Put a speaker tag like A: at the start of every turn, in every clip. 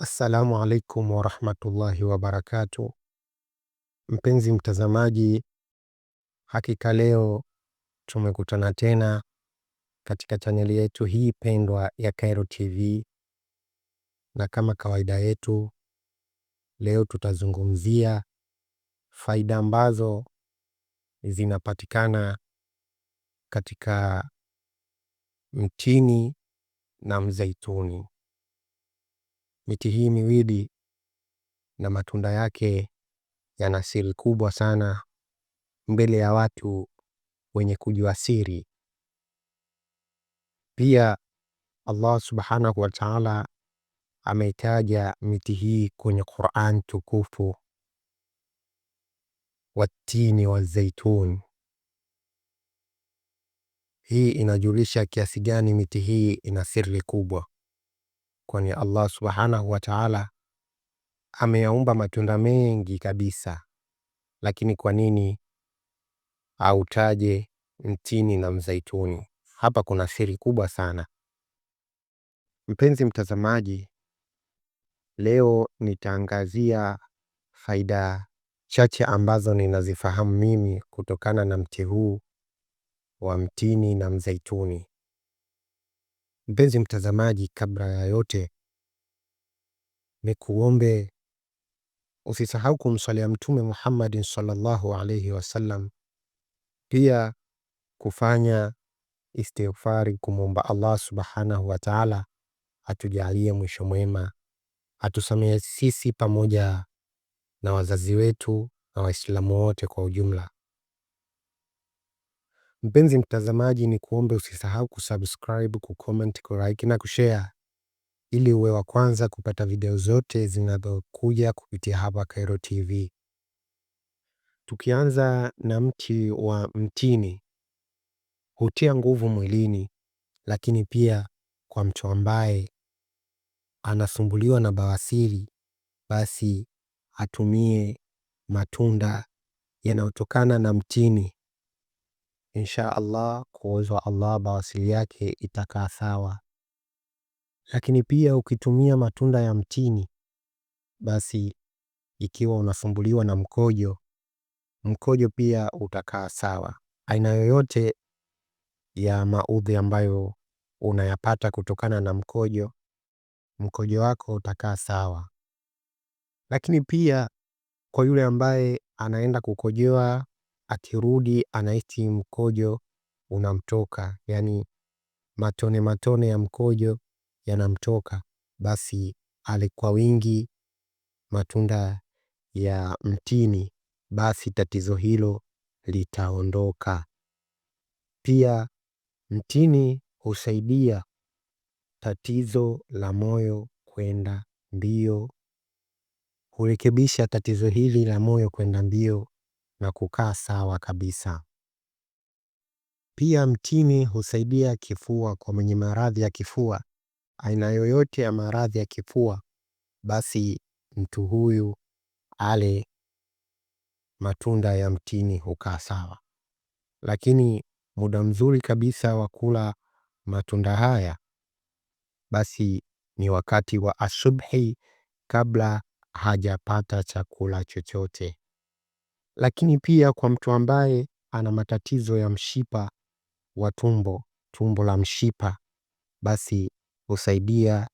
A: Assalamu alaikum warahmatullahi wabarakatu. Mpenzi mtazamaji, hakika leo tumekutana tena katika chaneli yetu hii pendwa ya Khairo TV, na kama kawaida yetu, leo tutazungumzia faida ambazo zinapatikana katika mtini na mzeituni. Miti hii miwili na matunda yake yana siri kubwa sana mbele ya watu wenye kujua siri. Pia Allah subhanahu wa taala ameitaja miti hii kwenye Quran tukufu, watini wazeitun. Hii inajulisha kiasi gani miti hii ina siri kubwa kwani Allah subhanahu wataala ameyaumba matunda mengi kabisa, lakini kwa nini autaje mtini na mzaituni? Hapa kuna siri kubwa sana. Mpenzi mtazamaji, leo nitaangazia faida chache ambazo ninazifahamu mimi kutokana na mti huu wa mtini na mzaituni. Mpenzi mtazamaji, kabla ya yote nikuombe usisahau kumswalia Mtume Muhammadin sallallahu alaihi wasallam, pia kufanya istighfari, kumwomba Allah subhanahu wa taala atujalie mwisho mwema, atusamehe sisi pamoja na wazazi wetu na Waislamu wote kwa ujumla. Mpenzi mtazamaji, ni kuombe usisahau kusubscribe, kucomment, kulike na kushare ili uwe wa kwanza kupata video zote zinazokuja kupitia hapa Khairo TV. Tukianza na mti wa mtini, hutia nguvu mwilini, lakini pia kwa mtu ambaye anasumbuliwa na bawasiri, basi atumie matunda yanayotokana na mtini insha allah kwa Allah bawasili yake itakaa sawa. Lakini pia ukitumia matunda ya mtini, basi ikiwa unasumbuliwa na mkojo, mkojo pia utakaa sawa. Aina yoyote ya maudhi ambayo unayapata kutokana na mkojo, mkojo wako utakaa sawa. Lakini pia kwa yule ambaye anaenda kukojoa akirudi anaisi mkojo unamtoka, yani matone matone ya mkojo yanamtoka, basi ale kwa wingi matunda ya mtini, basi tatizo hilo litaondoka. Pia mtini husaidia tatizo la moyo kwenda mbio, hurekebisha tatizo hili la moyo kwenda mbio na kukaa sawa kabisa. Pia mtini husaidia kifua kwa mwenye maradhi ya kifua, aina yoyote ya maradhi ya kifua, basi mtu huyu ale matunda ya mtini hukaa sawa. Lakini muda mzuri kabisa wa kula matunda haya basi ni wakati wa asubuhi, kabla hajapata chakula chochote. Lakini pia kwa mtu ambaye ana matatizo ya mshipa wa tumbo, tumbo la mshipa, basi husaidia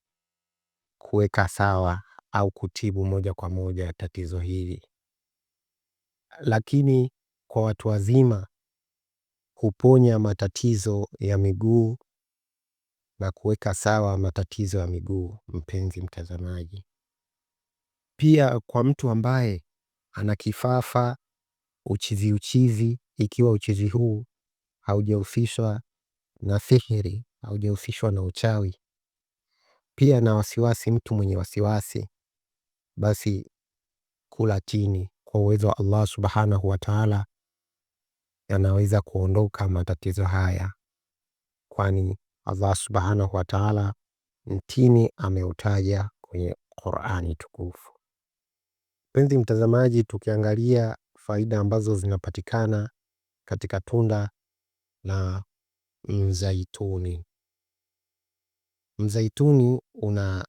A: kuweka sawa au kutibu moja kwa moja tatizo hili. Lakini kwa watu wazima huponya matatizo ya miguu na kuweka sawa matatizo ya miguu, mpenzi mtazamaji. Pia kwa mtu ambaye ana kifafa uchizi uchizi, ikiwa uchizi huu haujahusishwa na sihiri, haujahusishwa na uchawi. Pia na wasiwasi, mtu mwenye wasiwasi basi kula tini, kwa uwezo wa Allah subhanahu wa taala anaweza kuondoka matatizo haya, kwani Allah subhanahu wa taala mtini ameutaja kwenye Qurani tukufu. Mpenzi mtazamaji, tukiangalia faida ambazo zinapatikana katika tunda la mzaituni. Mzaituni una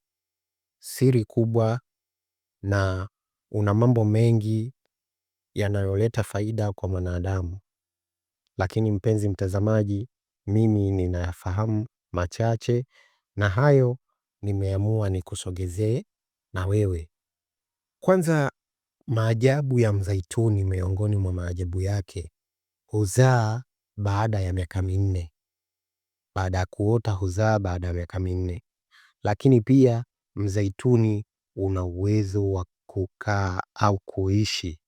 A: siri kubwa na una mambo mengi yanayoleta faida kwa mwanadamu, lakini mpenzi mtazamaji, mimi ninayafahamu machache na hayo nimeamua nikusogezee na wewe. Kwanza Maajabu ya mzaituni miongoni mwa maajabu yake, huzaa baada ya miaka minne, baada ya kuota huzaa baada ya miaka minne. Lakini pia mzaituni una uwezo wa kukaa au kuishi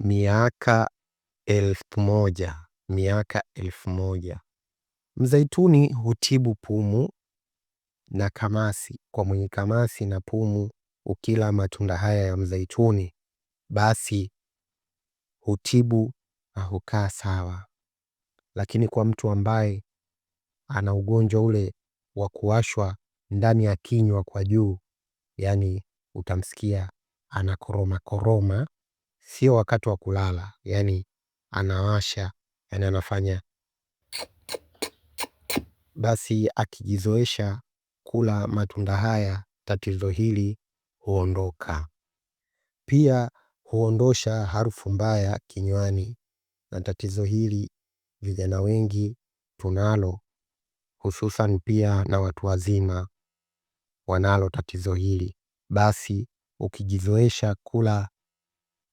A: miaka elfu moja miaka elfu moja. mzaituni hutibu pumu na kamasi, kwa mwenye kamasi na pumu ukila matunda haya ya mzaituni, basi hutibu na hukaa sawa. Lakini kwa mtu ambaye ana ugonjwa ule wa kuwashwa ndani ya kinywa kwa juu, yani utamsikia anakoroma koroma, sio wakati wa kulala, yani anawasha, yani anafanya basi akijizoesha kula matunda haya, tatizo hili huondoka. Pia huondosha harufu mbaya kinywani, na tatizo hili vijana wengi tunalo, hususan pia na watu wazima wanalo tatizo hili. Basi ukijizoesha kula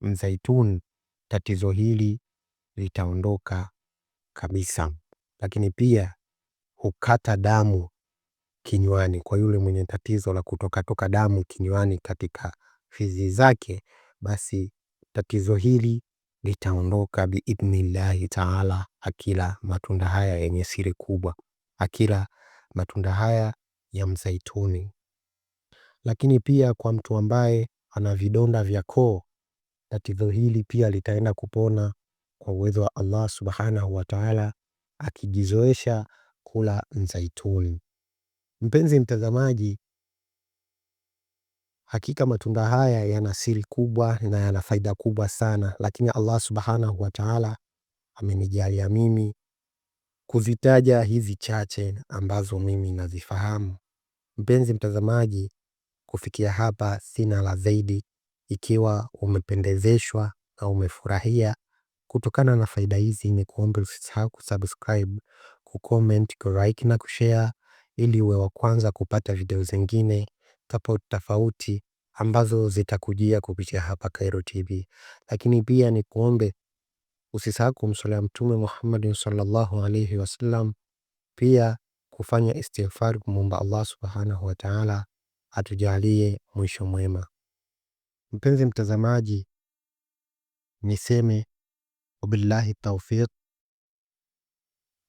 A: mzaituni, tatizo hili litaondoka kabisa. Lakini pia hukata damu kinywani. Kwa yule mwenye tatizo la kutokatoka damu kinywani katika fizi zake, basi tatizo hili litaondoka biidhnillahi taala, akila matunda haya yenye siri kubwa, akila matunda haya ya mzaituni. Lakini pia kwa mtu ambaye ana vidonda vya koo, tatizo hili pia litaenda kupona kwa uwezo wa Allah subhanahu wataala, akijizoesha kula mzaituni. Mpenzi mtazamaji, hakika matunda haya yana siri kubwa na yana faida kubwa sana, lakini Allah subhanahu wa taala amenijalia mimi kuzitaja hizi chache ambazo mimi nazifahamu. Mpenzi mtazamaji, kufikia hapa sina la zaidi. Ikiwa umependezeshwa na umefurahia kutokana na faida hizi, ni kuombe usisahau kusubscribe, kucomment, kulike na kushare ili uwe wa kwanza kupata video zingine tofauti tofauti ambazo zitakujia kupitia hapa Khairo TV. Lakini pia ni kuombe usisahau kumswalia Mtume Muhammadin sallallahu alaihi wasallam, pia kufanya istighfar kumwomba Allah subhanahu wataala atujalie mwisho mwema. Mpenzi mtazamaji, niseme wabillahi tawfiq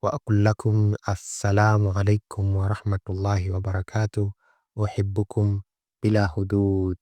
A: وأقول لكم السلام عليكم ورحمة الله وبركاته أحبكم بلا حدود